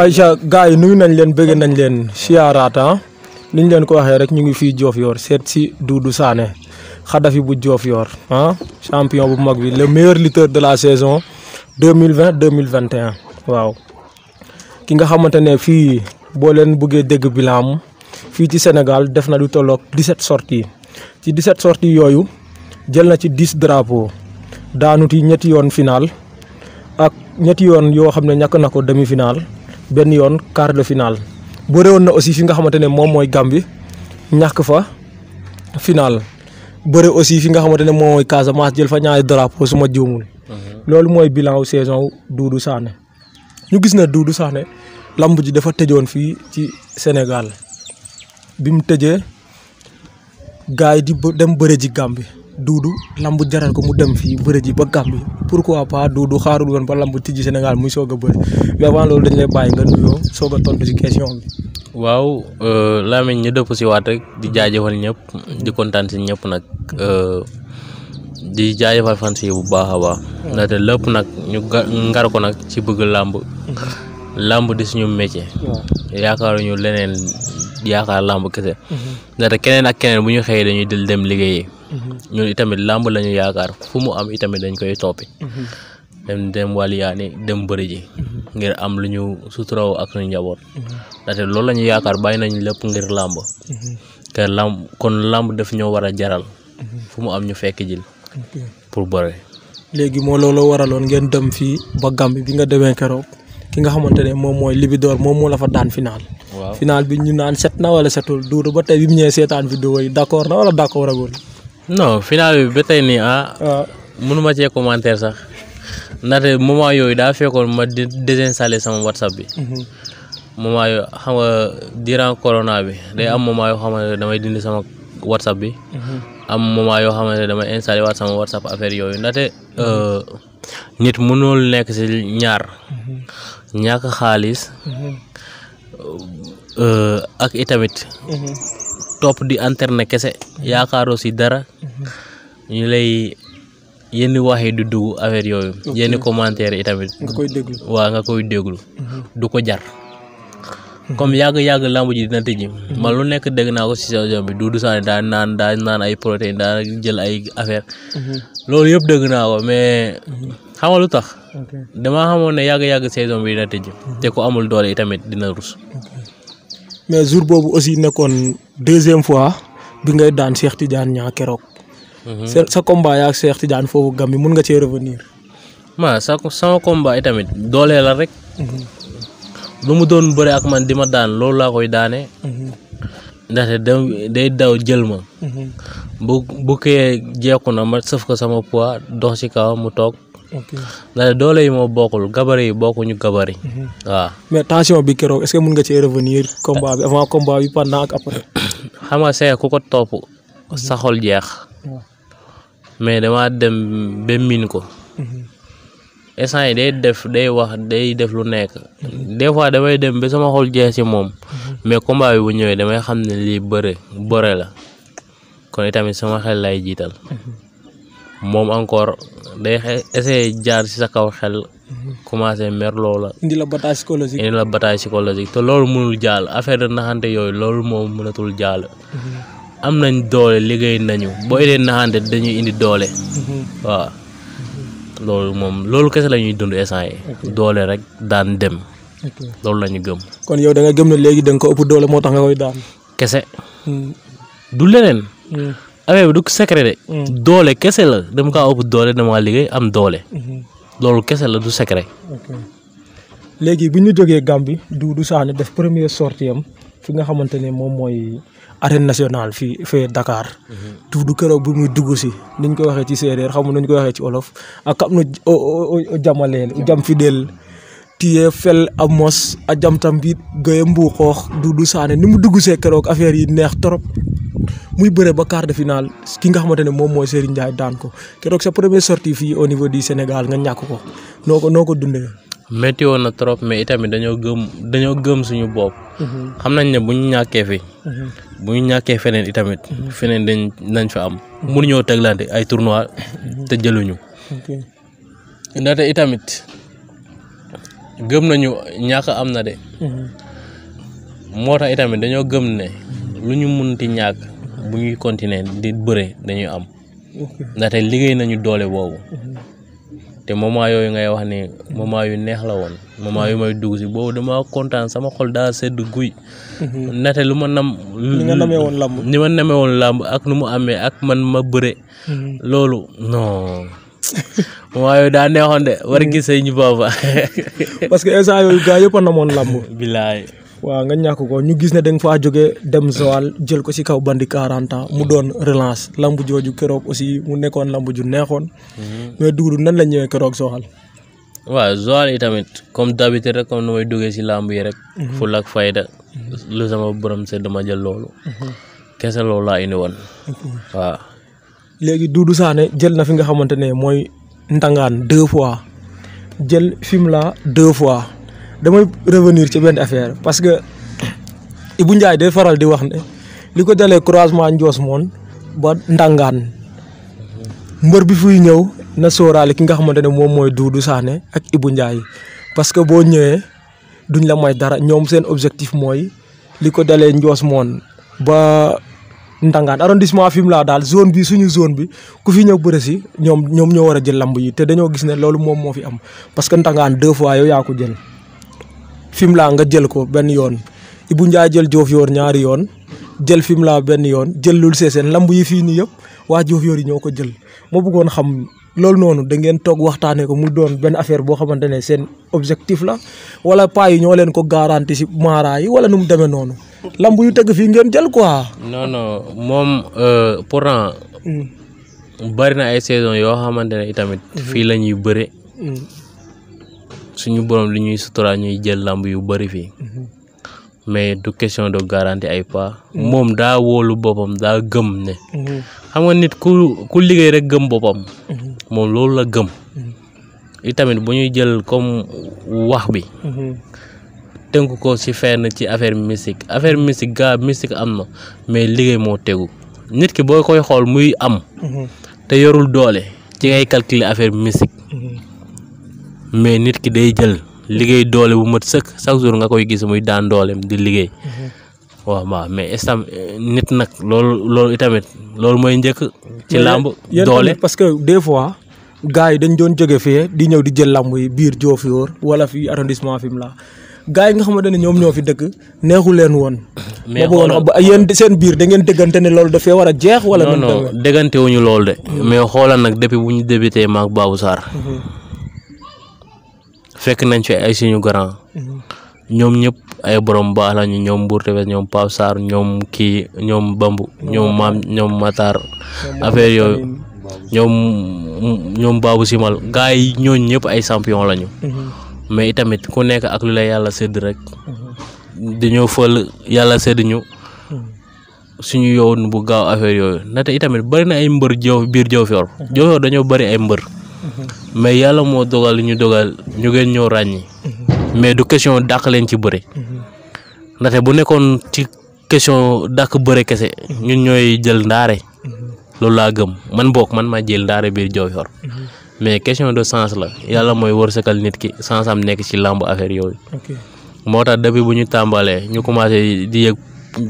Aïcha gars nuyu nañ len bëgg nañ leen siyaaraata niñ len ko waxe rek ñu ngi jof yor set si Doudou Sané Khadafi bu yor han ah, champion bu mag bi le meilleur lutteur de la saison 2020 2021 waaw ki nga xamantene fi bo len leen dégg bilaam fi ci Sénégal def na lu tolok 17 sorties ci 17 sorties yoyu. jël na ci 10 drapeaux daanut ñetti yoon final ak ñetti yoon yo xamne ñak nako demi final ben yoon quart de final bo rewon na aussi fi nga xamantene mom moy Gambie fa final bëre aussi fi nga xamantene mom moy Casamance jël fa ñaari drapeau suma djumul mhm. lolou moy bilang bilan wu saison Doudou Sané ñu gis na Doudou Sané lamb ji dafa tëjoon fi ci Sénégal bimu mu gaay di dem bëre ji Gambie Doudou lamb jaral ko mu dem fii bëre ji ba pour pourquoi pas Doudou xaarul woon ba lamb tijji Sénégal muy soog a bëri mais avant loolu dañ lay bàyyi nga nuyoo soog a tontu waaw euh, Lamine ñu dëpp si waat rek di jaajëfal ñëpp di kontaan si ñëpp nag euh, di jaajëfal fan si bu baax a baax. ndaxte lépp nag ñu ngar ko nag ci bëgg làmb mm-hmm. làmb di suñu métier. yaakaaruñu leneen yaakaar làmb kese. Mm-hmm. ndaxte keneen ak keneen bu ñu xëyee dañuy dem liggéeyi. ñun itamit làmb la ñu yaakaar fu mu am itamit dañ koy toppi dem dem waliyaani dem bëri ji ngir am lu ñu suturaw ak suñu njaboot ndaxte loolu la ñu yaakaar bàyyi nañ lépp ngir làmb te làmb kon làmb daf ñoo war a jaral fu mu am ñu fekk jil pour bëre léegi moo loolu waraloon ngeen dem fii ba Gambie bi nga demee keroog ki nga xamante ne moom mooy Libidor moom moo la fa daan final. waaw bi ñu naan set na wala setul duudu ba tey bi mu ñëwee seetaan vidéo yi d'accord na wala d'accordagul non final bi ba tey nii ah. waaw ah. mënuma cee commentaire sax ndaxte moment yooyu daa fekkoon ma désinstallé sama whatsapp bi. Mhm. moment yooyu xam nga durant corona bi day am moment yoo xamante ne damay dindi sama whatsapp bi. Mhm. am moment yoo xamante ne damay installé waat sama affaire yooyu ndaxte euh, nit mënul nekk si ñaar mhm. ñàkk xaalis euh, ak itamit. topp di internet kese yaakaaroo si dara mhm. ñu lay yenn wax yi du dugg affaire yooyu yenn commentaire yi tamit waa nga koy déglu mhm. du ko jar mhm. comme yàgg-yàgg lamb ji dina tëji man lu nekk dégg naa ko si saison bi Doudou naan ay protéines daa jël ay affaire loolu yëpp dégg naa ko mais xam lu tax damaa xamoon ne yàgg-yàgg saison bi dina tëji te ku amul doole yi dina rus mais jour boobu aussi nekkoon deuxième fois bi ngay daan Cheikh Tidiane ñaa keroog. Mhm. sa combat yaa ak Cheikh Tidiane foofu gam mun nga cee revenir. ma sa sama combat yi tamit la rek. Mhm. lu mu doon bëre ak man di ma daan loolu laa koy daane. Mhm. ndaxte day daw jël ma. bu bu na ma sëf ko sama poids dox ci kawam mu toog. ok doole yi moo bokkul gabarit yi bokkuñu gabarit. Mhm. waaw mais tension bi keroog mun nga cee revenir combat bi avant combat bi pendant xam nga Seye ku ko topp mhm. sa xol jeex. mais damaa dem ba miin ko. essence mhm. yi day def day wax day def lu nekk des fois damay dem ba sama xol jeex ci moom mais combat bi bu ñëwee damay xam ne lii bëre bëre la kon itamit sama xel lay jiital. moom encore day essayer jaar ci sa kaw xel commencé mer loola. indi la bataille psychologique indi la bataille psychologique te loolu mënul jàll affaire de naxante yooyu loolu moom mënatul jàll. Mhm. am nañ doole liggéey nañu boo indee naxante dañuy indi doole. Mhm. waaw loolu moom loolu kese la ñuy dund instant yi doole rek daan dem. loolu la ñu gëm. kon yow da nga gëm ne léegi da nga ko ëpp doole moo tax nga koy daan. kese. Hmm. du leneen. Hmm. affaire du secret de. Eh. Mm. doole kese la dama kaa ëpp doole dama liggéey am doole. Mhm. loolu kese la du secret. léegi bi ñu jógee Gambie du Sané def première sortie fi nga xamante ne moom mooy arène nationale fii fee Dakar. Mhm. du keroog bu muy dugg si ni ñu ko waxee ci séeréer xam nga nu ñu ko waxee ci olof ak xam na jamaleel jam fi del tiye fel mos a jam tam bi gëye mbu xoox Doudou Sané ni mu dugg see keroog affaire yi neex trop muy bëre ba quart de finale ki nga xamante ne moom mooy Serigne Ndiaye daan ko keroog sa première sortie fii au niveau di Sénégal nga ñàkk ko noo ko noo ko dundee. métti na trop mais itamit dañoo gëm dañoo gëm suñu bopp. Mhm. xam nañ ne bu ñàkkee fi. Mhm. ñàkkee feneen itamit. Mhm. feneen dañ nañ fa am. mënuñoo teglante ay tournois te jëluñu. ndaxte itamit gëm nañu ñàkk am na de. moo tax itamit dañoo gëm ne lu ñu munti ñàkk. bu ñuy continuer di bëre dañuy am ndaxte liggéey nañu doole boobu te moment yooyu ngay wax ni moment yu neex la woon moment yu may dugg si boobu dama kontaan sama xol daa sedd guy mhm. ndaxte lu ma nam li nga woon làmb li ma namee woon làmb ak nu mu amee ak man ma bëre mhm. loolu non moment yooyu daa neexoon de war gis say ñu booba parce que instant gaa yëpp namoon làmb bilaay waaw nga ñàkk ko ñu gis ne da nga faa jóge dem Joal jël ko si kaw bandi 40 ans mu doon relance lamb jooju keroog aussi mu nekkoon lamb ju neexoon. Mhm. mais du nan la ñëwee keroog Joal. waaw Joal yi tamit comme d'habitude rek comme nu may duggee si lamb yi rek. Mhm. fulla ak fayda. lu sama borom sedd ma jël loolu. Mhm. kese loolu laa indi woon. waaw. léegi Doudou Sané jël na fi nga xamante ne mooy Ndangaan deux fois jël Fimela deux fois. damay revenir ci benn affaire parce que Ibou Ndiaye day faral di wax ne li ko jalee croisement Ndios moon ba Ndangaan mbër bi fuy ñëw na sóoraale ki nga xamante ne moom mooy du Sané ak ibu Ndiaye parce que boo ñëwee duñ la may dara ñoom seen objectif mooy li ko dalee njoos moon ba Ndangaan arrondissement fi mu laa daal zone bi suñu zone bi ku fi ñëw bëre si ñoom ñoom ñoo war a jël lamb yi te dañoo gis ne loolu moom moo fi am parce que Ndangaan deux fois yow yaa ko jël. Fimela nga jël ko benn yoon Ibou Ndiaye jël Diofior ñaari yoon jël Fimela benn yoon jël Loul Sessène lamb yi fii nii yëpp waa Diofior yi ñoo ko jël moo bëggoon xam loolu da ngeen toog waxtaanee ko mu doon benn affaire boo xamante ne seen objectif la wala paa yi ñoo leen ko garanti si maara yi wala nu mu demee noonu lamb yu tëgg fii ngeen jël quoi. non non moom euh, pourtant. Mm. bari na ay saison yoo xamante ne itamit. Mhm. fii la ñuy bëre. Mm. suñu borom li ñuy sutura ñuy jël làmb yu bëri fii mhm. mais du question de garantie ay pas mhm. moom daa woolu boppam daa gëm ne mhm. xam nga nit ku ku liggéey rek gëm boppam moom loolu la gëm itamit bu ñuy jël comme wax bi tënk ko ci fenn ci affaire mystique affaire mystique gaa mystique am na mais liggéey moo tegu nit ki boo koy xool muy am te yorul doole ci ngay calculer affaire mystique mais nit ki day jël liggéey doole bu mat sëkk chaque jour nga koy gis muy daan dooleem di liggéey mhm. waaw waaw mais instant nit nag loolu loolu itamit loolu mooy njëkk ci làmb doole parce que des fois gars yi dañ doon jóge fee di ñëw di jël làmb yi biir Diofior wala fi arrondissement fi mu laa gars yi nga xamante ne ñoom ñoo fi dëkk neexu leen woon mais xoolal ba yéen seen biir da ngeen dëggante ne loolu dafee war a jeex wala non wuñu loolu de mhm. mais xoolal nag depuis bu ñu débuté maag Babou Sarr mhm. fekk nañ fi ay suñu grand mm-hmm. ñoom ñëpp ay borom baax lañu ñoom Mbour Tefess ñoom Pape Sarr ñoom kii ñoom Bambu ñoom maam ñoom Matar affaire yooyu ñoom ñoom Babou Simal gars yi ñooñu ñëpp ay champion lañu mm-hmm. mais itamit ku nekk ak lu la yàlla sedd rek di mm-hmm. dañoo fël yàlla sedd ñu suñu yoon bu gaaw affaire yooyu ndaxte itamit bëri na ay mbër jow biir Diofior Diofior dañoo bëri ay mbër mais yàlla moo dogal ñu dogal ñu ngeen ñoo ràññi mais du question dàq leen ci bëre ndaxte bu nekkoon ci question dàq bëre kese ñun ñooy jël ndaare loolu laa gëm man bokk man maa jël ndaare biir Diofior mais question de sens la yàlla mooy wërsëgal nit ki sens am nekk ci làmb affaire yooyu moo tax depuis bu ñu tàmbalee ñu commencé di yëg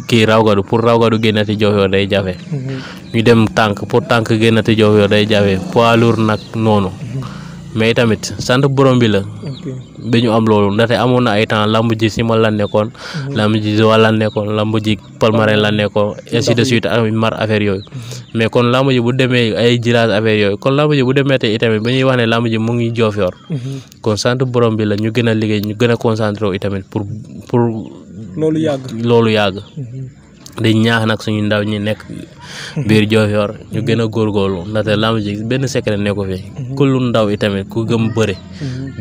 kii raw gadu pour raw gadu génnati jox yoo day jafe mhm. ñu dem tànk pour tànk génnati jox yoo day jafe poids lourd nag noonu mhm. mais tamit sant borom bi la bi ñu am loolu ndaxte amoon na ay temps lamb ji si ma lan nekkoon mhm. lamb ji si wàllan nekkoon lamb ji palmarin lan nekkoon ainsi de suite ak mar affaire yooyu mais kon lamb ji bu demee ay jiraas affaire yooyu kon lamb ji bu demee tey itamit ba ñuy lamb ji mu ngi joof kon sant borom la ñu gën a liggéey ñu gën a concentré loolu yàgg loolu yàgg mm-hmm. di ñaax nag suñu ndaw ñi nekk biir mm-hmm. Diofior ñu gën a mm-hmm. góorgóorlu ndaxte lamb ji benn secret nekku fi kullu ndaw itamit ku gëm bëre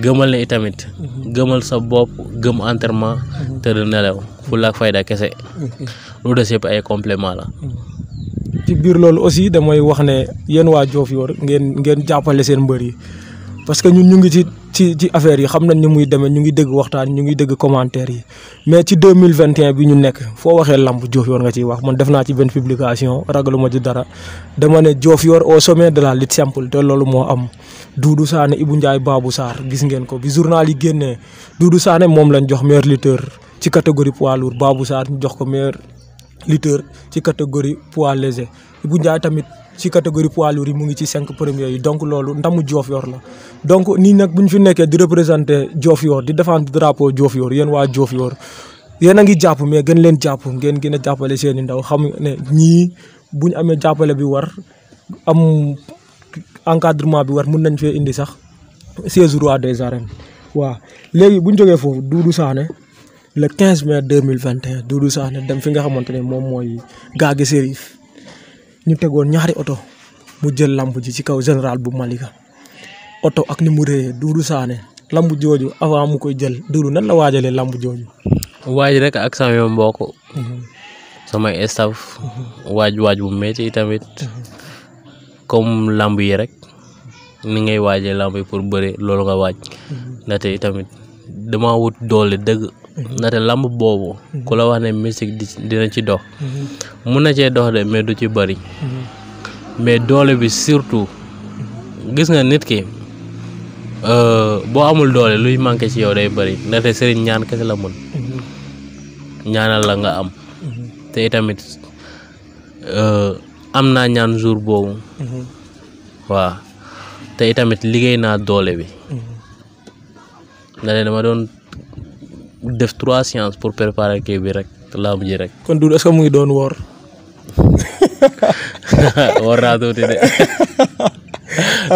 gëmal ne itamit gëmal sa bopp gëm entraînement te du nelaw fulla ak fayda kese lu des yëpp ay complément la ci biir loolu aussi damay wax ne yéen waa Diofior ngeen ngeen jàppale seen mbër yi parce que ñun ñu ngi ci ci ci affaire yi xam nañ ni muy demee ñu ngi dégg waxtaan ñu ngi dégg commentaire yi mais ci deux mille vingt et un bi ñu nekk foo waxee lamb Diofior nga ciy wax man def naa ci benn publication ragaluma ci dara dama ne yoor au sommet de la lutte simple te loolu moo am. Doudou Sané Ibou Ndiaye Babou Sarr gis ngeen ko bi journal yi génnee Doudou saane moom lañ jox meilleur lutteur ci catégorie poids lourd Babou Sarr ñu jox ko meilleur. lutteurs ci catégorie poids léger bu Ndiaye tamit ci catégorie poids lourd yi mu ngi ci cinq premiers yi donc loolu ndamu Diofior la donc nii nag bu ñu fi nekkee di représenter Diofior di défendre drapeau Diofior yéen waa Diofior yéen a ngi jàpp mais gën leen jàpp ngeen gën a jàppale seeni ndaw xam ne ñii bu ñu amee jàppale bi war am encadrement bi war mun nañ fee indi sax seize rois des arènes waa léegi bu ñu jógee foofu Doudou Sané le 15 mai 2021 Doudou Sané dem fi nga xamante ne moom mooy gaagi Serif ñu tegoon ñaari oto mu jël lamb ji ci kaw général bu Malika oto ak ni mu réyee Doudou Sané lamb jooju avant mu koy jël Doudou nan waajale waajalee lamb jooju. waaj rek ak sama mbokk. Mhm. samay staff. Mhm. waaj waaj bu métti tamit. comme làmb yi rek. ni ngay waajee lamb yi pour bëre loolu nga waaj. Mhm. ndaxte tamit dama wut doole dëgg. ndaxte lamb boobu ku la wax ne musique dina ci dox mhm. mun na cee dox de mais du ci bëri mhm. mais doole bi surtout gis nga nit ki euh, boo amul doole luy manqué ci yow day bëri ndaxte sëriñ ñaan kese la mun mhm. ñaanal la nga am te itamit euh, am naa ñaan jour boobu waaw te itamit liggéey naa doole bi ndaxte dama doon def trois séances pour préparer kii bi rek làmb ji rek. kon Doudou est-ce mu ngi doon woor. war naa tuuti de ah.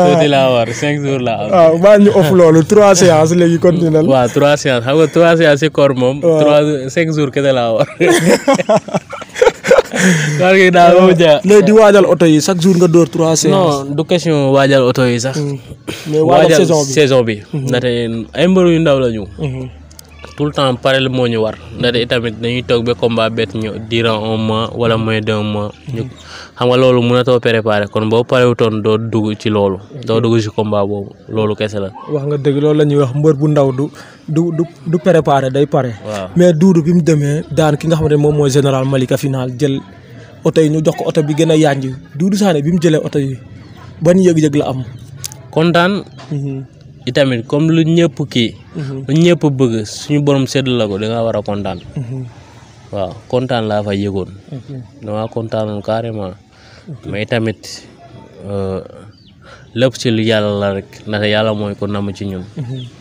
tuuti laa war cinq jours laa am. waaw ñu off trois séances léegi continué. waaw trois séances si koor moom. trois cinq jours kese laa war. parce que di waajal oto yi chaque jour nga door trois séances. non du question waajal oto yi sax. Hmm. mais waajal saison bi waajal saison hmm. ay mbër yu ndaw la ñu. Hmm. tout le temps parel moo ñu war ndax itamit dañuy toog ba combat bett ñu durant un mois wala moins d'un mois ñu xam nga loolu mënatoo préparer kon boo parewutoon doo dugg ci loolu doo dugg ci combat boobu loolu kese la wax nga dëgg loolu la ñuy wax mbër bu ndaw du du du du préparer day pare mais duudu bi mu demee daan ki nga xam ne moom mooy général Malika final jël oto yi ñu jox ko oto bi gën a yànj duudu saane bi mu jëlee oto yi ban yëg-yëg la am itamit comme lu ñëpp kii. Mhm. lu ñëpp bëgg suñu borom sedd la ko da war a kontaan. Mhm. waaw kontaan laa fa yëgoon. Mhm. damaa kontaanoon carrément. mais tamit euh, lépp ci lu yàlla la rek ndax yàlla mooy ko namm ci ñun.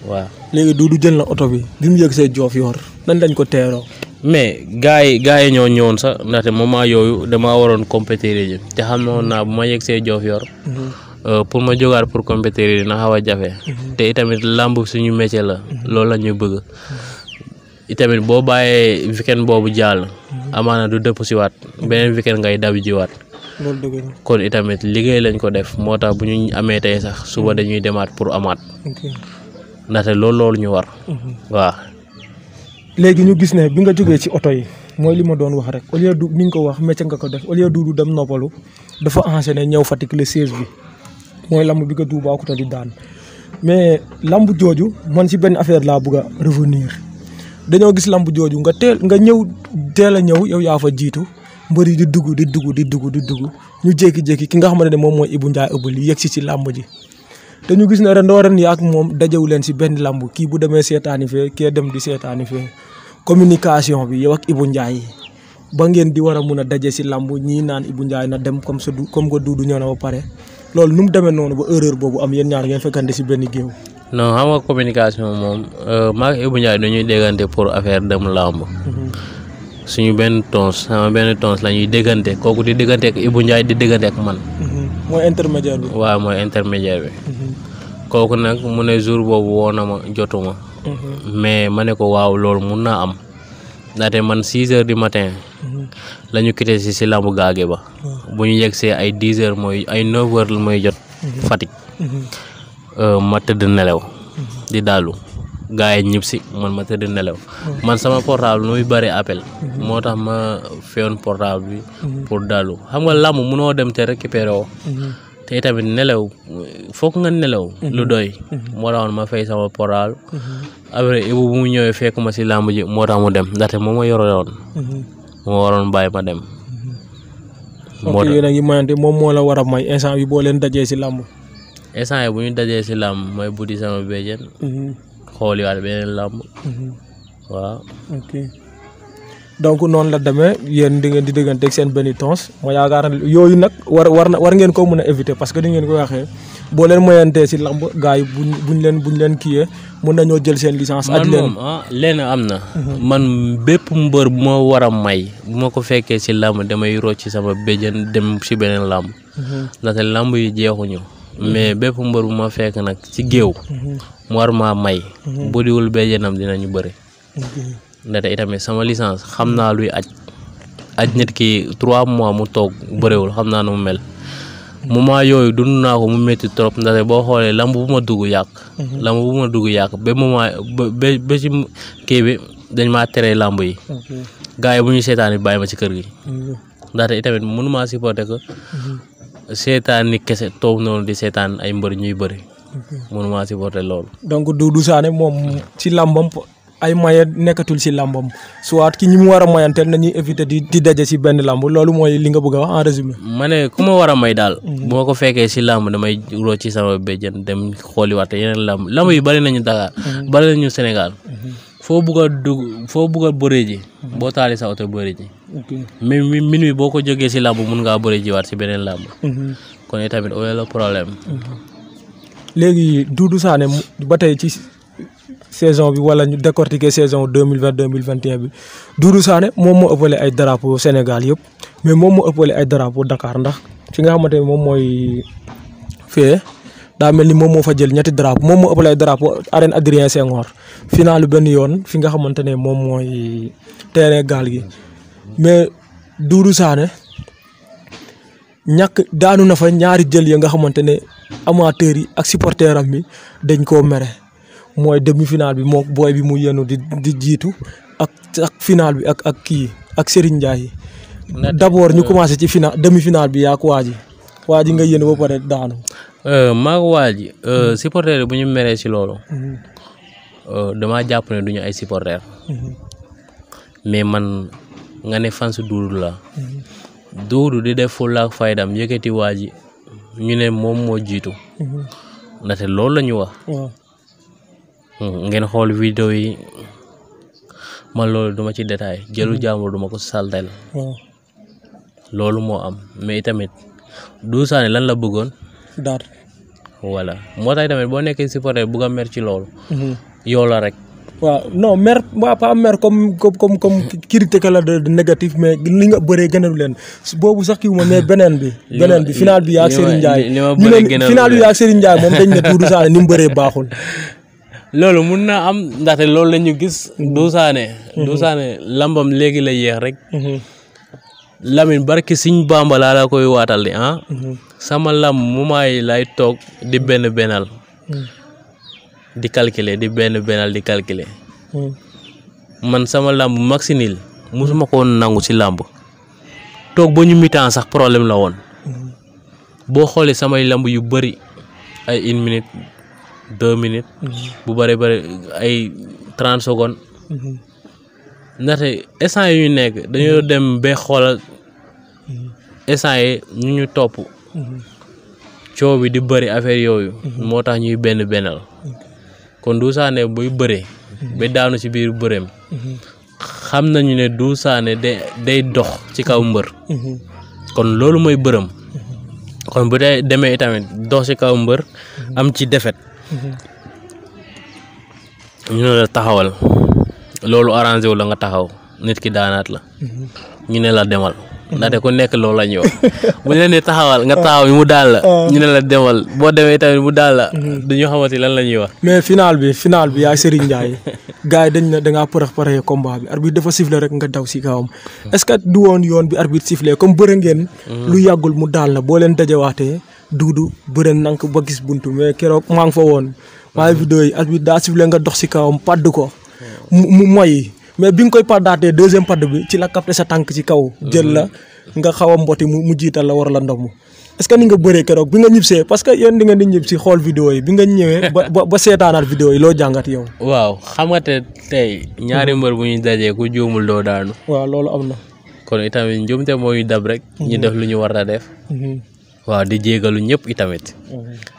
waaw léegi du jël na oto bi bi mu yëg see joof yor nan dañ ko teeroo. mais gars yi gars yi ñoo ñëwoon sax ndaxte moment yooyu damaa waroon compétir ji te xam noonu naa bu ma yëg see joof yor. Euh, pour ma jógaat pour compétir yi dina xaw a jafe mhm. te itamit làmb suñu métier la loolu lañu bëgg itamit boo bàyyee weekend boobu jàll mhm. amaana du dëpp si waat beneen weekend ngay daw jiwaat kon itamit liggéey lañ ko def moo tax bu ñu amee tey sax suba mhm. dañuy demaat pour amaat ndaxte loolu loolu ñu war waaw léegi ñu gis ne bi nga jógee ci oto yi mooy li ma doon wax rek au du ni nga ko wax métier nga ko def au lieu du dem noppalu dafa enchaîné ñëw fatik le 16 bi moy lamb bi ko Toubacouta di daan mais lamb joju man si ben affaire la buga revenir daño gis lamb joju nga tel nga ñew teel a ñëw yow ya fa jitu mbeuri di duggu di duggu di duggu di duggu ñu jéki jéki ki nga xamantene mom moy Ibou ndjay eubul yi si ci lamb ji té ñu gis na rendo ren yaak mom dajewu len si ben lamb ki bu démé sétani fé ké dem di sétani fé communication bi yow ak Ibou ndjay ba ngeen di wara mëna dajé ci si lamb ñi naan Ibou ndjay na dem comme ce comme du Doudou ñëw na ba paré loolu nu mu demee noonu ba erreur boobu am yéen ñaar ngeen fekkante si benn géew. non xam communication moom euh, maak Ibou Ndiaye dañuy déggante pour affaire dem làmb. Mhm. suñu benn tons sama benn tons lañuy ñuy déggante kooku di déggante ak Ibou Ndiaye di déggante ak man. Mhm. mooy intermédiaire bi. waaw mooy intermédiaire bi. Mhm. kooku nag mu ne jour boobu woo na ma jotuma. mais ma ne ko waaw loolu mun naa am. ndaxte man six heures du matin mm-hmm. la ñu quitté si si làmbu gaage ba ah. bu ñu yegsee ay dix heures mooy ay neuf la mooy jot mm-hmm. Fatick mm-hmm. Euh, ma tëdd nelaw di daalu gaa yi ñëpp si man ma tëdd nelaw man sama portable nu muy bëri appel moo tax ma feewoon portable bi pour daalu xam nga làmb mënoo dem te récupéré te tamit nelaw foog nga nelaw mhm. lu doy mhm. moo taxoon ma fay sama poral mhm. après ibu bu mu ñëwee fekk ma si làmb ji moo tax mu dem ndaxte moo ma yoroon moo waroon bàyyi ma dem moo tax yéen moom moo la war a may instant bi boo leen dajee si làmb instant yi bu ñu dajee si làmb mooy buddi sama béjjén xooliwaat beneen làmb waaw donc noonu la demee yéen di ngeen di dégganteeg seen benn tons ma yaakaar yooyu nag war war na war ngeen koo mën a éviter parce que di ngeen ko waxee boo leen moyantee si lamb gars bu buñ buñ leen buñ leen kiiyee mën nañoo jël seen licence. at leen man leen ah, am na. Mhm. man bépp mbër bu ma war a may bu ma ko fekkee si làmb damay rocc ci sama béjjën dem si beneen làmb mhm. ndaxte làmb yi jeexuñu. Mhm. mais bépp mbër bu ma fekk nag ci géew. mu war maa may. bu diwul béjjënam dinañu bëri. ne te itamit sama licence xam naa luy aj aj nit ki trois mois mu toog bëréwul xam naa nu mu mel moment yooyu dund naa ko mu métti trop ndaxte boo xoolee lamb bu ma dugg yàq mhm. lamb bu ma dugg yàq ba moment ba ba kii bi dañ maa tere lamb yi gars yi bu ñuy seetaan ma ci kër gi mhm. ndaxte itamit mënu maa supporter que mhm. seetaan ni kese toog noonu di seetaan ay mbër ñuy bëri mënu maa supporter loolu donc Doudou Sané moom ci lambam ay maye nekkatul si làmbam soit ki ñi mu war a mayanteel nañuy éviter di di daje si benn làmb loolu mooy li nga bëgg a wax en résumé. ma ne ku ma war a may daal. Mm. bu ma ko fekkee si làmb damay roo ci sama béjjën dem xooliwaat yeneen làmb làmb yi bari nañu Dakar. Mm. bari nañu Sénégal. Mm-hmm. foo bugg a bugg a bëree mm-hmm. boo taalee sa oto bëree ji mais min wi boo ko jógee si làmb mun ngaa bëree jiwaat si beneen làmb mm-hmm. kon itamit ooyee la problème léegi Doudou Sané ba tey ci saison bi wala ñu décortiquer saison deux mille vingt deux mille vingt bi Doudou Sané moom moo ëppale ay drapeau Sénégal yëpp mais moom moo ëppale ay drapeau dakaar ndax fi nga xamante moom mooy fee daa mel ni moom moo fa jël ñetti drapeau moom moo ëppale ay drapeau arène Adrien Senghor final benn yoon fi nga xamante ne moom mooy terrain gaal gi mais Doudou Sané ñàkk daanu nafa ñaari jël ya nga xamante ne amateurs yi ak supporters am bi dañ koo mere. mooy demi final bi moom booy bi mu yenu di di jiitu ak ak final bi ak ak kii ak Serigne Ndiaye. d'abord ñu euh, commencé ci final demi final bi yaa ko waa waa ji nga yéen ba pare daanu. Euh, maa ko waa euh, hmm. bu ñu meree si loolu. Hmm. damaa jàpp ne du ñu ay supporter. Hmm. mais man nga ne fans Doudou la. Doudou di def fulla ak faydam yëkkati waa ji ñu ne moom moo jiitu. ndaxte loolu la ñu wax. ngeen xool video yi man loolu duma ci détail jëlu mm-hmm. jàmbur duma ko saldel mm. loolu moo am mais tamit Doudou Sané lan la bëggoon daar voilà moo tax tamit boo nekkee supporter bugg a mer ci loolu mm-hmm. yow la rek waaw non mer waaw pas mer comme comme comme critique la de négatif mais li nga bëree gënalu leen boobu sax kiiwuma mais beneen bi beneen bi final bi yaa Serigne Ndiaye ñu ne final bi yaa Serigne Ndiaye moom dañ ne Doudou Sané ni mu bëree baaxul loolu mun na am ndaxte loolu la ñu gis duusaane duusaane lambam léegi la yéex rek Lamine barki siñ Bàmba laa la koy waatal di ah sama lam mu maay lay toog di benn benal di calculer di benn benal di calculer man sama làmb maxinil musuma ko nangu ci làmb toog ba ñu mitaan sax problème la woon boo xoolee samay lamb yu bari ay une minute deux minutes mm-hmm. bu bëri bëri ay trente secondes mm-hmm. ndaxte instant yi ñu nekk dañoo mm-hmm. dem ba xoolal instant yi ñu ñu topp coow bi di bëri affaire yooyu moo tax ñuy benn bennal kon Doudou Sané buy bëree ba daanu ci biir bëreem xam nañu ne Doudou Sané day day dox ci kaw mbër kon loolu mooy bërëm kon bu dee demee itamit dox ci kaw mbër am ci defet Mm-hmm. ñu ne la taxawal loolu arrangé wu la nga taxaw nit ki daanaat la mm-hmm. ñu ne la demal mm-hmm. ndaxte ku nekk loolu la ñu wax bu ne leen taxawal nga taxaw bi mu daal la ah. ñu ne la demal boo demee tamit mu daal la du ñu xamati lan la ñuy wax mais final bi final bi yaay Serigne Ndiaye gaa yi dañ na dangaa përax përaxee combat bi arbitre dafa sifflé rek nga daw si kawam est que du woon yoon bi arbitre sifflé comme bëre ngeen lu yàggul mu daal la boo leen waxte Dudu berenang nank ba gis buntu mais kéro ma nga fa won ma video yi as bi da siflé nga dox ci kawam padd ko mu moy mais bi nga koy paddaté deuxième padd bi ci la capter sa tank ci kaw djel mm-hmm. la nga xawa mboti mu jital la war la ndom est ce que ni nga beure kéro bi nga ñibsé parce que yeen di nga di ñib ci xol video yi bi nga ñëwé ba sétanal video yi lo jangat yow waaw xam nga tay ñaari mbeur bu ñu dajé ku joomul do daanu waaw lolu amna kon itam njumte moy dab rek ñu mm-hmm. def luñu wara def mm-hmm. waaw di jégalu ñëpp itamit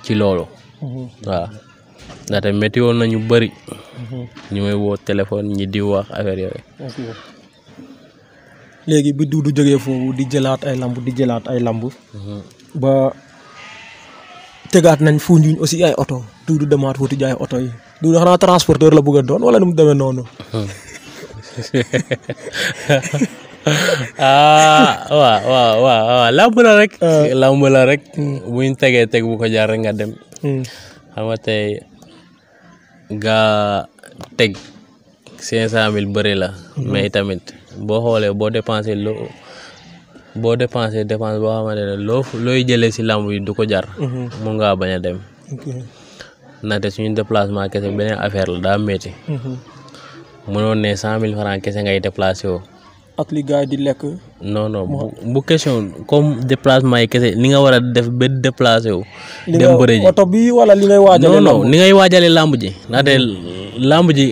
ci loolu mm-hmm. waaw ndaxte métti nañu bëri mm-hmm. ñu may woo téléphone ñi di wax affaire yooyu léegi bi Doudou jógee foofu di jëlaat ay lamb di jëlaat ay lamb mm-hmm. ba tegaat nañ fu ñu aussi ay oto Doudou demaat wuti jaay oto yi Doudou xanaa transporteur la bëgg doon wala nu mu demee noonu ah waaw waaw làmb la rek. Ah. làmb la rek bu ñu tegee teg bu ko jaar nga dem. Hmm. xam nga tey ga teg cinq la. Hmm. mais tamit boo xoolee boo dépensé loo boo dépensé boo xamante ne loo looy jëlee si làmb yi du ko jar. Hmm. mun ngaa bañ a dem. ndaxte suñu déplacement kese beneen affaire la daa métti. mënoon ne cent mille kese ngay déplacé woo. ak li gars yi di lekk. non non bu question comme déplacement yi kese ni nga war a def ba déplacé wu. dem bëre ji oto bi wala li ngay waajalee. non non làmb ji ndaxte mm-hmm. làmb ji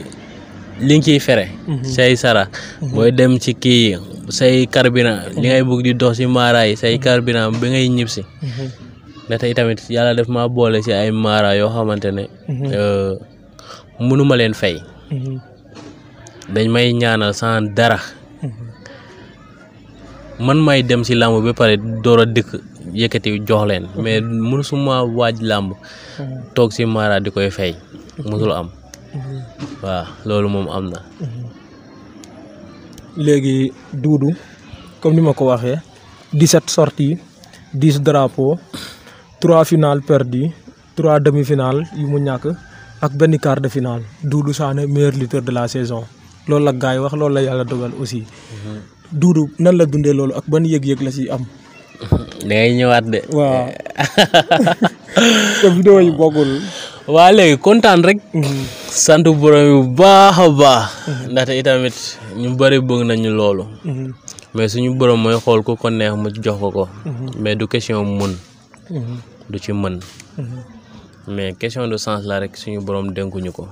li nga ciy fere. Mm-hmm. say sara. Mm-hmm. booy dem ci kii say carburant li ngay bëgg di dox si maara yi say carburant bi ngay ñib si. ndaxte itamit yàlla def maa boole si ay maara yoo xamante ne. Euh, mënuma leen fay. dañ may ñaanal sans dara. man may dem ci lamb ba paré door a yëkëti jox leen mais mësuma waaj lamb tok ci mara di koy fay mësul am wa loolu mom amna légui doudou comme ni ma ko waxee dix sorties 10 drapeaux 3 finales perdues 3 demi-finales yu mu ñak ak benn quart de finale Doudou Sané meilleur lutteur de la saison loolu la gaay wax loolu la yalla dogal aussi Doudou nan la dundee loolu ak ban yëg-yëg la si am. da ngay ñëwaat de. waaw te vidéo yi bokkul. waa léegi kontaan rek. Mm-hmm. sant borom bu baax a baax. Mm-hmm. ndaxte itamit ñu bëri bëgg nañu loolu. Mm-hmm. mais suñu borom mooy xool ku ko neex mu jox ko ko. mais du question du ci mën. mais question de sens la rek suñu borom dënkuñu ko.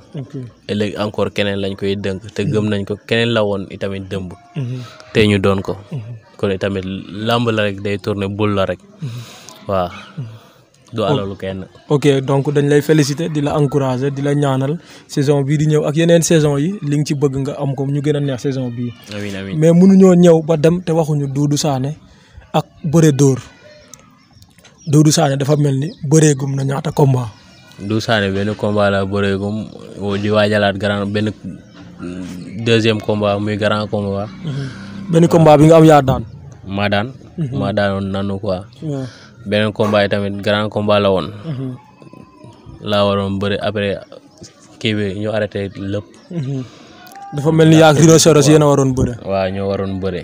ëllëg encore keneen lañ koy dënk te gëm nañ ko keneen la woon itamit dëmb. Mhm. te ñu doon ko. Mhm. kon itamit làmb rek day tourner bul la rek. Mhm. waaw. du alalu kenn. ok dañ lay féliciter di la encourager di la ñaanal saison bii di ñëw ak yeneen saison yi li ci bëgg nga am ko ñu gën a neex saison bii. amiin amiin mais mënuñoo ñëw ba dem te waxuñu Doudou Sané ak bëre dóor Doudou Sané dafa mel ni bëreegum na ñaata combat. du Sané benn combat la bëreegum di waajalaat grand benn deuxième combat muy grand combat. Mhm. benn combat bi nga am yaa daan. maa daan. Mhm. maa nanu quoi. beneen combat tamit grand combat la woon. Mhm. laa waroon bëri après kii bi ñu arrêté dafa mel ni yaa ak Rhinocéros yéen a waroon bëre. waaw ñoo waroon bëre.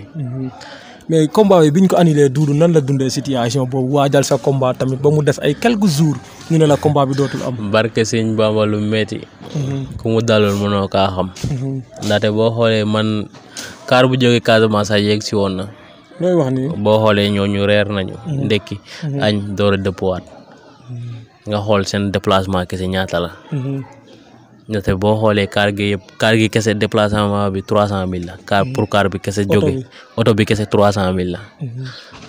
mais combat bi bi ñu ko annulé duudu nan la dundee situation boobu waajal sa combat tamit ba mu des ay quelques jour ñu ne la combat bi dootul am. barke sëñ Bamba lu metti mhm. ku mu daloon mënoo kaa xam. Mhm. ndaxte boo xoolee man kaar bu jógee Casamance a yegg si woon na. looy wax ni boo xoolee ñooñu reer nañu. Mhm. ndekki añ door a dëppuwaat. nga xool seen déplacement kese ñaata la. ndaxte boo xoolee kaar gi yëpp kaar gi kese déplacement bi trois cent mille la kaar mm-hmm. pour kaar bi kese jóge oto bi kese trois cent mille la mm-hmm.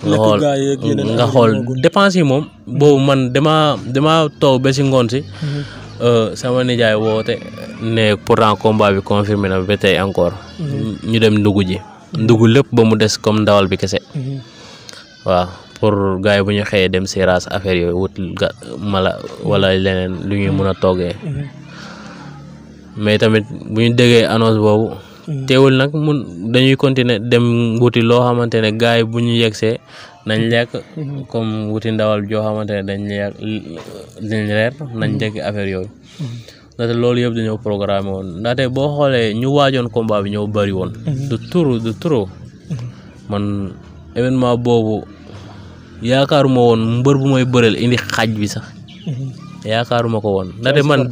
nga xool nga yi moom boobu man damaa damaa toog ba si ngoon si mm-hmm. euh, sama nijaay woote ne pourtant combat bi confirmé na ba tey encore ñu dem ndugg ji ndugg lépp ba mu des comme ndawal bi kese waaw pour gars bu ñu xëyee dem séeraas affaire yooyu wut mala wala leneen lu ñuy mën a toogee mais tamit bu ñu degee annonce boobu. Mm. teewul nag mun dañuy continuer dem wuti loo xamante ne gars bu ñu yegsee nañ lekk. Mm-hmm. comme wuti ndawal joo xamante ne dañ lekk dañ reer nañ mm-hmm. jekki affaire yooyu. Mm-hmm. ndaxte loolu yëpp dañoo programme woon ndaxte boo xoolee ñu waajoon combat bi ñoo bëri woon. du turu du turu. man événement boobu yaakaaruma woon mbër bu mooy bëreel indi xaaj bi sax. yaakaaruma ko woon na de man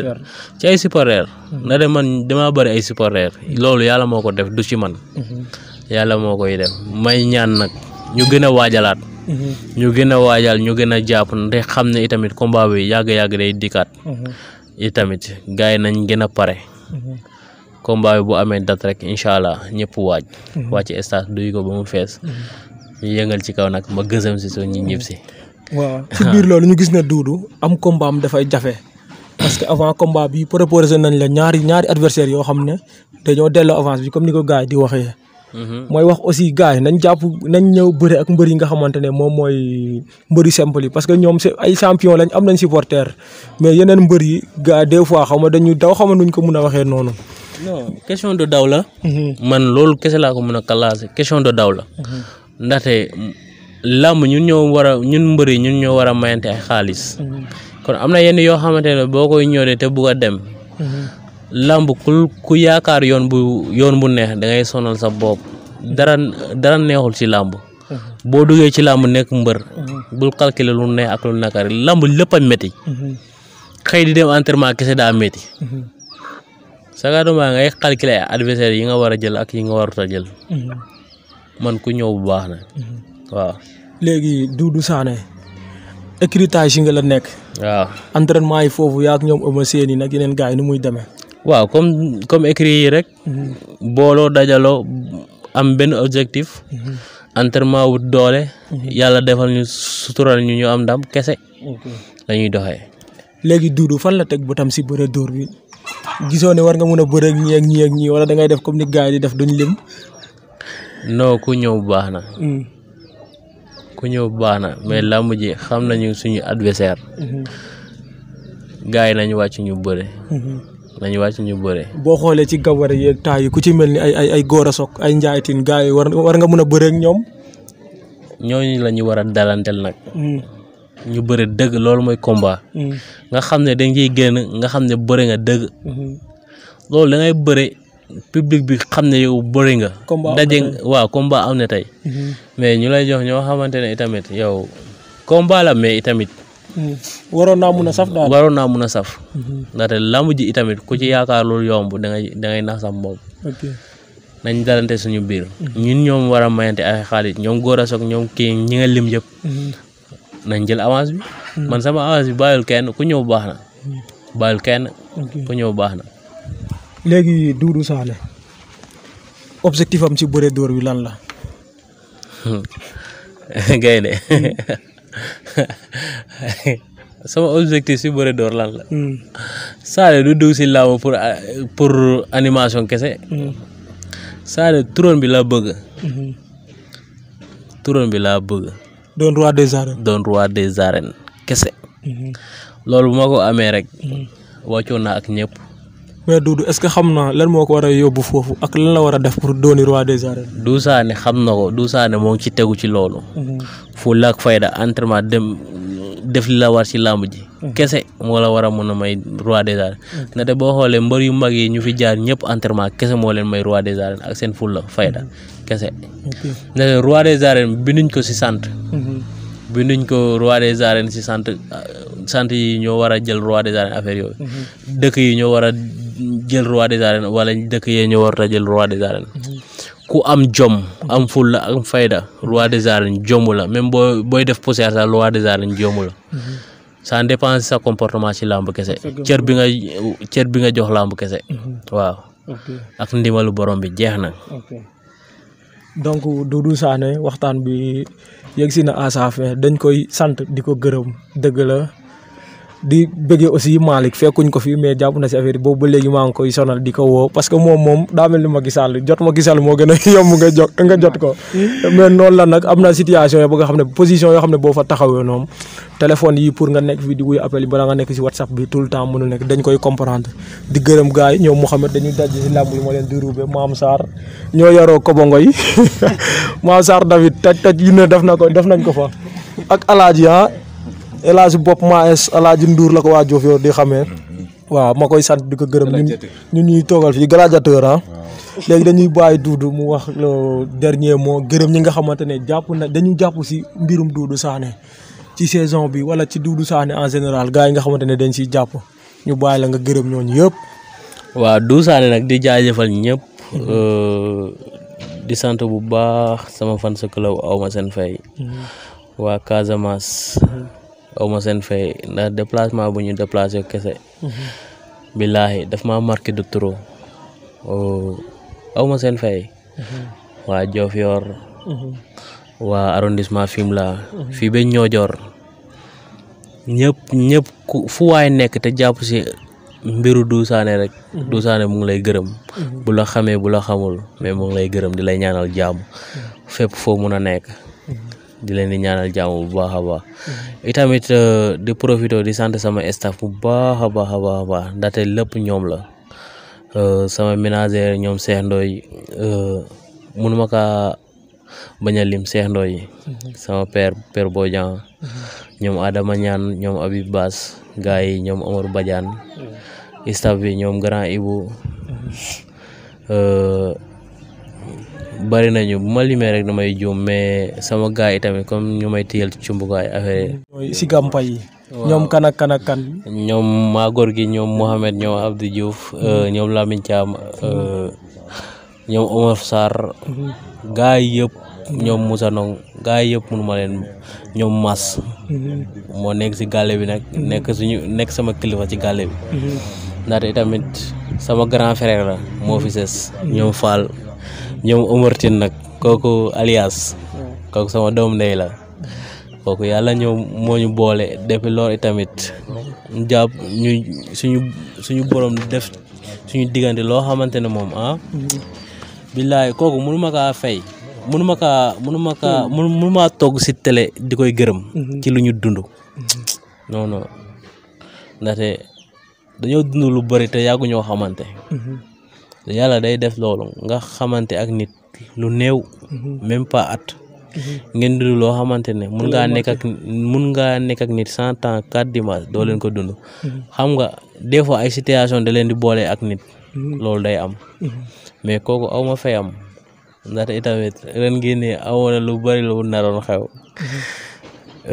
ci ay supporter na de man dama bëri ay supporter loolu yàlla moo ko def du ci man mhm. yàlla moo koy def may ñaan nag ñu gën a waajalaat mhm. ñu gën a waajal ñu gën a jàpp te xam ne itamit combat bi yàgg-yàgg day dikkaat mhm. itamit gars nañ gën a pare combat bi bu amee date rek incha allah ñëpp waaj wàcc stade duy ko ba mu fees ñu yëngal ci kaw nag ma gësam si soo ñi si waaw ci biir loolu ñu gis ne Doudou am combat am dafay jafe parce que avant combat bi proposé nañ la ñaari ñaari adversaire yoo xam ne dañoo delloo avance bi comme ni ko gars yi di waxee. Mhm. mooy wax aussi gars yi nañ jàpp nañ ñëw bëre ak mbër yi nga xamante ne moom mooy mbëri simple yi parce que ñoom ay champion lañ am nañ supporter mais yeneen mbër yi gars des fois xaw ma dañu daw xam xama nuñ ko mun a waxee noonu. non question de daw la. Mhm. man loolu kese laa ko mun a classé question de daw la. Mhm. Lam ñun ñoo wara ñun mbeuri ñun ñoo wara mayante ay xaaliss mhm. kon amna yenn yo xamantene bokoy ñëwé té bu ga dem mhm. làmb ku ku yaakar yoon bu yoon bu neex da ngay sonal sa bop dara dara neexul ci làmb mhm. bo duggee ci nek mbeur bul calculer lu neex ak lu nakari làmb lepp a metti xey di dem entraînement kese daa métti sagaaduma ngay calculer adversaire yi nga wara jël ak yi nga jël man ku ñëw bu baax na waaw léegi Doudou Sané écritage yi nga la nekk. waaw entraînement yi foofu yaa ak ñoom Eumeu Sène yi nag yeneen gars yi nu muy demee. waaw comme comme écrit yi rek mhm. booloo dajaloo am benn objectif. Mhm. entraînement wut doole. Mhm. yàlla defal ñu sutural ñu ñu am ndam kese. lañuy doxee. léegi Doudou fan la teg bu tam si bëre dóor bi gisoo ne war nga mun a bëre ak ñi ak ñii ak ñi wala da ngay def comme ni gars yi di def duñ lim. non ku ñëw baax na. Mm. ku ñëw baax na mais làmb ji xam nañu suñu adversaire gars yi nañu wàcc ñu bëre nañu wàcc ñu bëre boo xoolee ci gawar yeeg taa yi ku ci mel ni ay ay a sok ay njaaytin gars yi war nga mën a bëre ak ñoom ñooñu la ñu war a dalanteel nag mm. ñu bëre dëgg loolu mooy combat mm. nga xam ne dañ ciy nga xam ne bëre nga dëgg mm-hmm. loolu da bëre public bi xam ne yow bëri nga. daje waaw combat am na tey. Mhm. mais ñu lay jox ñoo xamante ne itamit yow combat la mais itamit. Mhm. waroon na mun a saf daal waroon naa mun a saf. Mhm. ndaxte lamb ji itamit ku ci yaakaar loolu yomb dangay dangay nax sam moom. nañ dalante suñu biir. ñun ñoom wara a mayante ay xaalis ñoom góor a soog ñoom kii ñu nga lim yëpp. nañ jël avance bi. man sama avance bi bàyyul kenn ku ñëw baax na. bàyyul kenn ku ñëw baax na. léegi Doudou Sané objectif am ci bëre door bi lan la. Hmm. gaynde sama objectif si bëre door lan hmm. si laamu animation kese. Hmm. Sané turon bi laa bëgg. turon bi laa bëgg. doon roi des arènes. des arènes kese. loolu bu ma ko amee rek. wàccoon ak ñëpp. mais Doudou est-ce que xam naa lan moo ko war a yóbbu foofu ak lan la war a def pour dooni roi des arènes. Doudou Sané xam na ko Doudou Sané moo ngi ci tegu ci loolu. Mhm. fulla ak fayda entraînement dem def li la war ci làmb ji. Mhm. kese moo la war a mën a may roi des arènes. Mhm. na te boo xoolee mbër yu mag yi ñu fi jaar ñëpp entraînement kese moo leen may roi des arènes ak seen fulla fayda kese. na roi des arènes binduñ ko ci sant. binduñ ko roi des arènes ci sant euh, sant yi ñoo war a jël roi des arènes affaire yooyu. dëkk yi ñoo war a jël roi des arènes wala dëkk yee ñu war a jël roi des arènes ku am jom am fulla am fayda roi des arènes jomb la boo booy def poussière sax roi des arènes jomb la ça dépend sa comportement ci làmb kese cër bi nga bi nga jox làmb kese mhm. waaw ak ndimalu borom bi jeex na donc Doudou Sané waxtaan bi yegg si na à sa dañ koy sant di ko gërëm dëgg la di bëggee aussi Malick fekkuñ ko fi mais jàpp na si affaire yi boobu ba léegi maa ngi koy sonal di ko woo parce que moom moom daa mel ni Macky Sall jot Macky Sall moo gën a yomb nga jot nga jot ko. mais noonu la nag am na situation yoo xam ne position yoo xam ne boo fa taxawee noonu téléphone yi pour nga nekk fi di wuy appel yi balaa nga nekk si WhatsApp bi tout le temps mënul nekk dañ koy comprendre. di gërëm gars yi ñoom Mouhamed dañuy daj si làmb yi ma leen di ruube Maam Sarr ñoo yaroo kobongo yi Maam Sarr David taj taj yu ne def na ko def nañ ko fa ak alaaji El bop Ma es El Ndour la ko jof yo di xame mhm. wa makoy koy sant di ko ñun ñun ñuy togal fi gladiateur ha ah. légui dañuy bàyyi Doudou mu wax le dernier mot gërem ñi nga xamantene japp na dañu japp si mbirum Doudou Sané ci saison bi wala ci Doudou Sané en général gaay nga xamantene dañ ci japp ñu bàyyi la nga gërem ñooñu yëpp wa Doudou Sané nak di jaajeufal ñëpp mhm. euh, di sant bu baax sama fan sa club awma sen fay mhm. wa Casamance aw sen fei, fay ndax déplacement bu ñu déplacé kese billahi daf ma marqué de trop aw sen seen wa jof yor wa arrondissement fi be ba jor ñep ñep fu way nek te japp ci mbiru dousane rek dousane mu ngi lay gërem bu la xamé bu la xamul mais mu ngi lay gërem di lay ñaanal jamm fep fo di len di ñaanal jaamu bu baax a baax hmm. itamit eh, di profito di sante sama staff bu baax a baax a baax a la eh, sama ménager ñom Cheikh Ndoye eh, mënuma ka baña lim Cheikh ndoy hmm. sama père père bojan ñom hmm. Adama ñaan ñom Habib Bass gaay ñom ñoom Omar Badiane staff bi ñom grand Ibou bari nañu bu ma limee rek damay juum mais sama gars yi tamit comme ñu may téyal ci cumbukaay affaire yi. si gàmpa yi. ñoom kan ak kan ak kan. ñoom maa góor ñoom Mohamed ñoom Abdou Diouf hmm. euh, ñoom Lamine Thiam euh, ñoom Omar Sarr. Hmm. gars yi yëpp ñoom Moussa Ndong gars yi yëpp mënuma leen ñoom Mas. Hmm. moo nekk si gaale bi nag. nekk suñu nekk sama kilifa ci gàlle bi. ndaxte tamit sama grand frère moo fi ñoom Fall. ñoom Omar Tine nag kooku alias kooku sama doom ndey la kooku yàlla ñëw moo ñu boole depuis loolu itamit ñu jàpp ñu suñu suñu borom def suñu diggante loo xamante ne moom ah billaay kooku mënu ma kaa fay mun ma kaa mënu ma kaa hmm. mënu maa si télé di koy gërëm hmm. ci lu ñu dund non non ndaxte dañoo dund lu bëri te yàggu ñoo xamante hmm. yàlla day def loolu nga xamante ak nit lu néew. Mhm. même pas at. Mhm. ngeen dund loo xamante ne mun nga nekk mun ngaa nekk nit cent ans quatre dimanche doo leen ko dund. Mhm. xam nga des fois ay situation de leen di boolee ak nit. loolu day am. mais kooku aw ma fay am ndaxte itamit ren gi ne awoon lu bari lu naroon xew.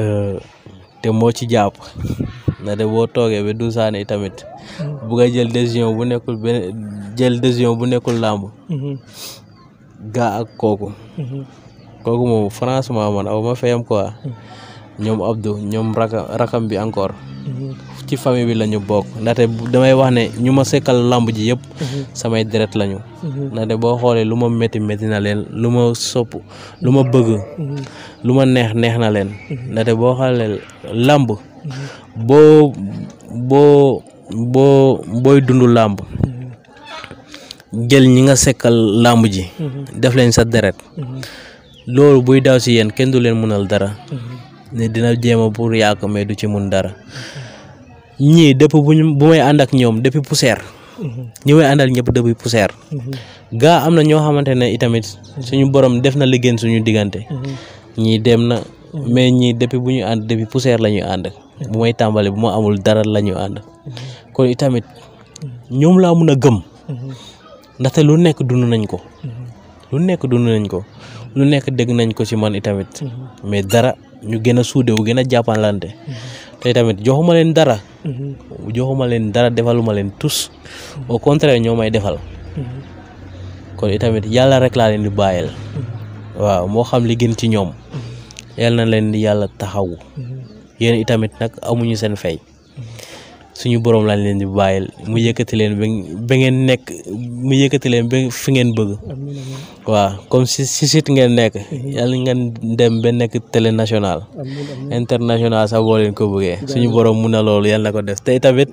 Euh, te moo ci jàpp. na boo toogee ba duusaane yi tamit bu nga jël décision bu nekkul benn jël décision bu nekkul làmb mhm. gaa ak kooku mhm. kooku moom franchement man aw ma fayam quoi mhm. ñoom Abdou ñoom raka rakam bi encore ci famille bi lañu ñu bokk ndaxte damay wax ne ñu ma sekkal lamb ji yëpp samay deret lañu ndaxte boo xoolee lu ma métti métti na leen lu ma sopp lu ma bëgg lu ma neex neex na leen ndaxte boo xoolee lamb Bo bo bo boy dundu lamb, jël ñi nga sekkal lamb ji def leen sa deret lolu buy daw siyan yeen kën du leen mënal dara ne dina jema pour yak me du ci mën dara ñi depp bu may and ak ñom depp pousser ñi way andal ñepp depp pousser ga amna ño xamantene itamit suñu borom def na ligéen suñu digante ñi dem na mais ñi depuis buñu and depuis poussière la bu may tàmbali bu ma amul dara lañu ñu ànd kon itamit ñoom laa mun a gëm ndaxte lu nekk dund nañ ko lu nekk dund nañ ko lu nekk dégg nañ ko ci man itamit mais dara ñu gën a suude bu gën a jàppalante te itamit joxuma leen dara joxuma leen dara defaluma leen tous au contraire ñoo may defal kon itamit yàlla rek laa leen di bàyyil waaw moo xam li gën ci ñoom yàlla na leen di yàlla taxaw yéen itamit nag amuñu seen fay suñu borom lañ leen di bayil mu yëkëti leen ba ngeen nekk mu yëkëti leen ba fi ngeen bëgg waaw comme si si site ngeen nekk yàlla ngeen dem ba nekk télé national international sax boo leen ko bëggee suñu borom mun na loolu yàlla na ko def te itamit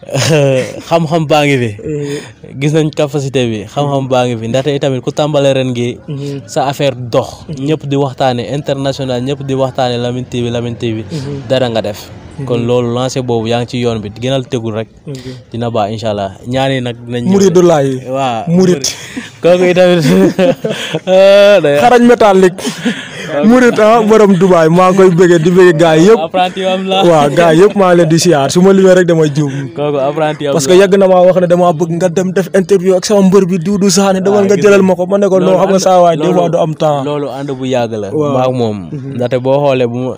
xam-xam baa ngi fi gis nañ capacité bi xam-xam baa ngi fi ndaxte itamit ku tàmbale ren gi sa affaire dox ñëpp di waxtaane international ñëpp di waxtaane Lamyn TV Lamyn TV dara nga def kon hmm. loolu lancé boobu yaa ngi ci yoon bi gënal tegul rek. dina baax incha allah ñaani nag dinañ. muridu laay waaw murid kooku itamit xarañ métallique murit ah borom Dubaay maa koy bëggee di bëggee gars yëpp. apprenti am yëpp maa leen di siyaar su ma limee rek dama juum. kooku parce que yàgg na maa wax ne damaa bëgg nga dem def interview ak sama mbër bi Doudou Sané demal nga jëlal ma ko ma ne ko non xam nga saa waay des fois du am temps. loolu bu yàgg la. waaw maa moom. Mhm. ndaxte boo xoolee bu mu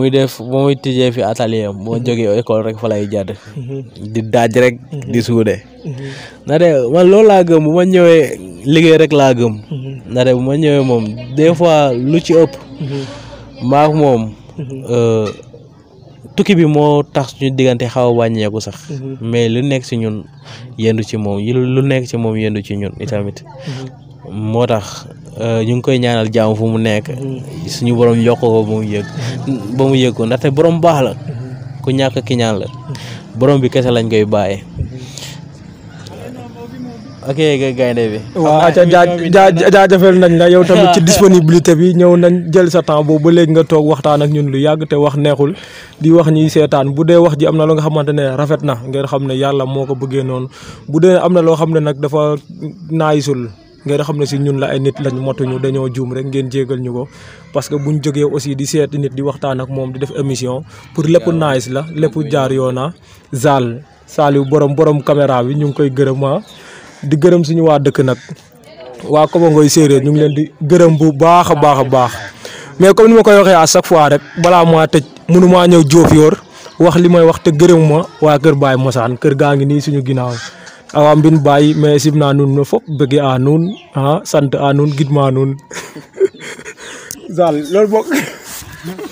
muy def bu muy tijjee fi atelier am boo jógee école rek fa lay jàdd. Mhm. di daaj rek di mhm. suude. Mm-hmm. na de man loolu laa gëm bu ma ñëwee liggéey rek laa gëm. Mm-hmm. na de bu ma ñëwee moom des fois lu ci ëpp. Mm-hmm. maa moom. Euh, tukki bi moo tax suñu diggante xaw a wàññeeku sax. mais lu nekk ci ñun yendu ci moom lu nekk ci moom yendu ci ñun itamit. moo tax euh, ñu ngi koy ñaanal jàmm fu mu nekk. suñu borom yokk ko ba mu yëg ba mu yëg ko ndaxte borom baax la ku ñàkk ki ñaan la borom bi kese lañ koy bàyyee. ak ok gaynde bi. waaw aca jaajëfal nañ la yow tamit ci disponibilité bi ñëw nañ jël sa temps boobu ba léegi nga toog waxtaan ak ñun lu yàgg te wax neexul di wax ñuy seetaan bu dee wax ji am na lu nga xamante ne rafet na ngeen xam ne yàlla moo ko bëggee noonu bu dee am na loo xam ne nag dafa naayisul ngeen xam ne si ñun la ay nit lañ motuñu dañoo juum rek ngeen jéegal ñu ko parce que bu ñu jógee aussi di seet nit di waxtaan ak moom di def émission pour lépp naayis la lépp jaar yoona zaal saal yu borom borom caméra bi ñu ngi koy gërëmaa ah. di gërëm suñu waa dëkk nag waa Kobangoy séeréer ñu ngi leen di gërëm bu baax a baax a baax mais comme ni ma koy waxee à chaque fois rek balaa maa tëj mënu maa ñëw yoor wax li may wax te gërëm ma waa Kër baay Mosaan kër gaa ngi nii suñu ginnaaw awa mbin Baye mais sib naa nun na fop bëgg a nun ah sant a nun gidma nun daal loolu bokk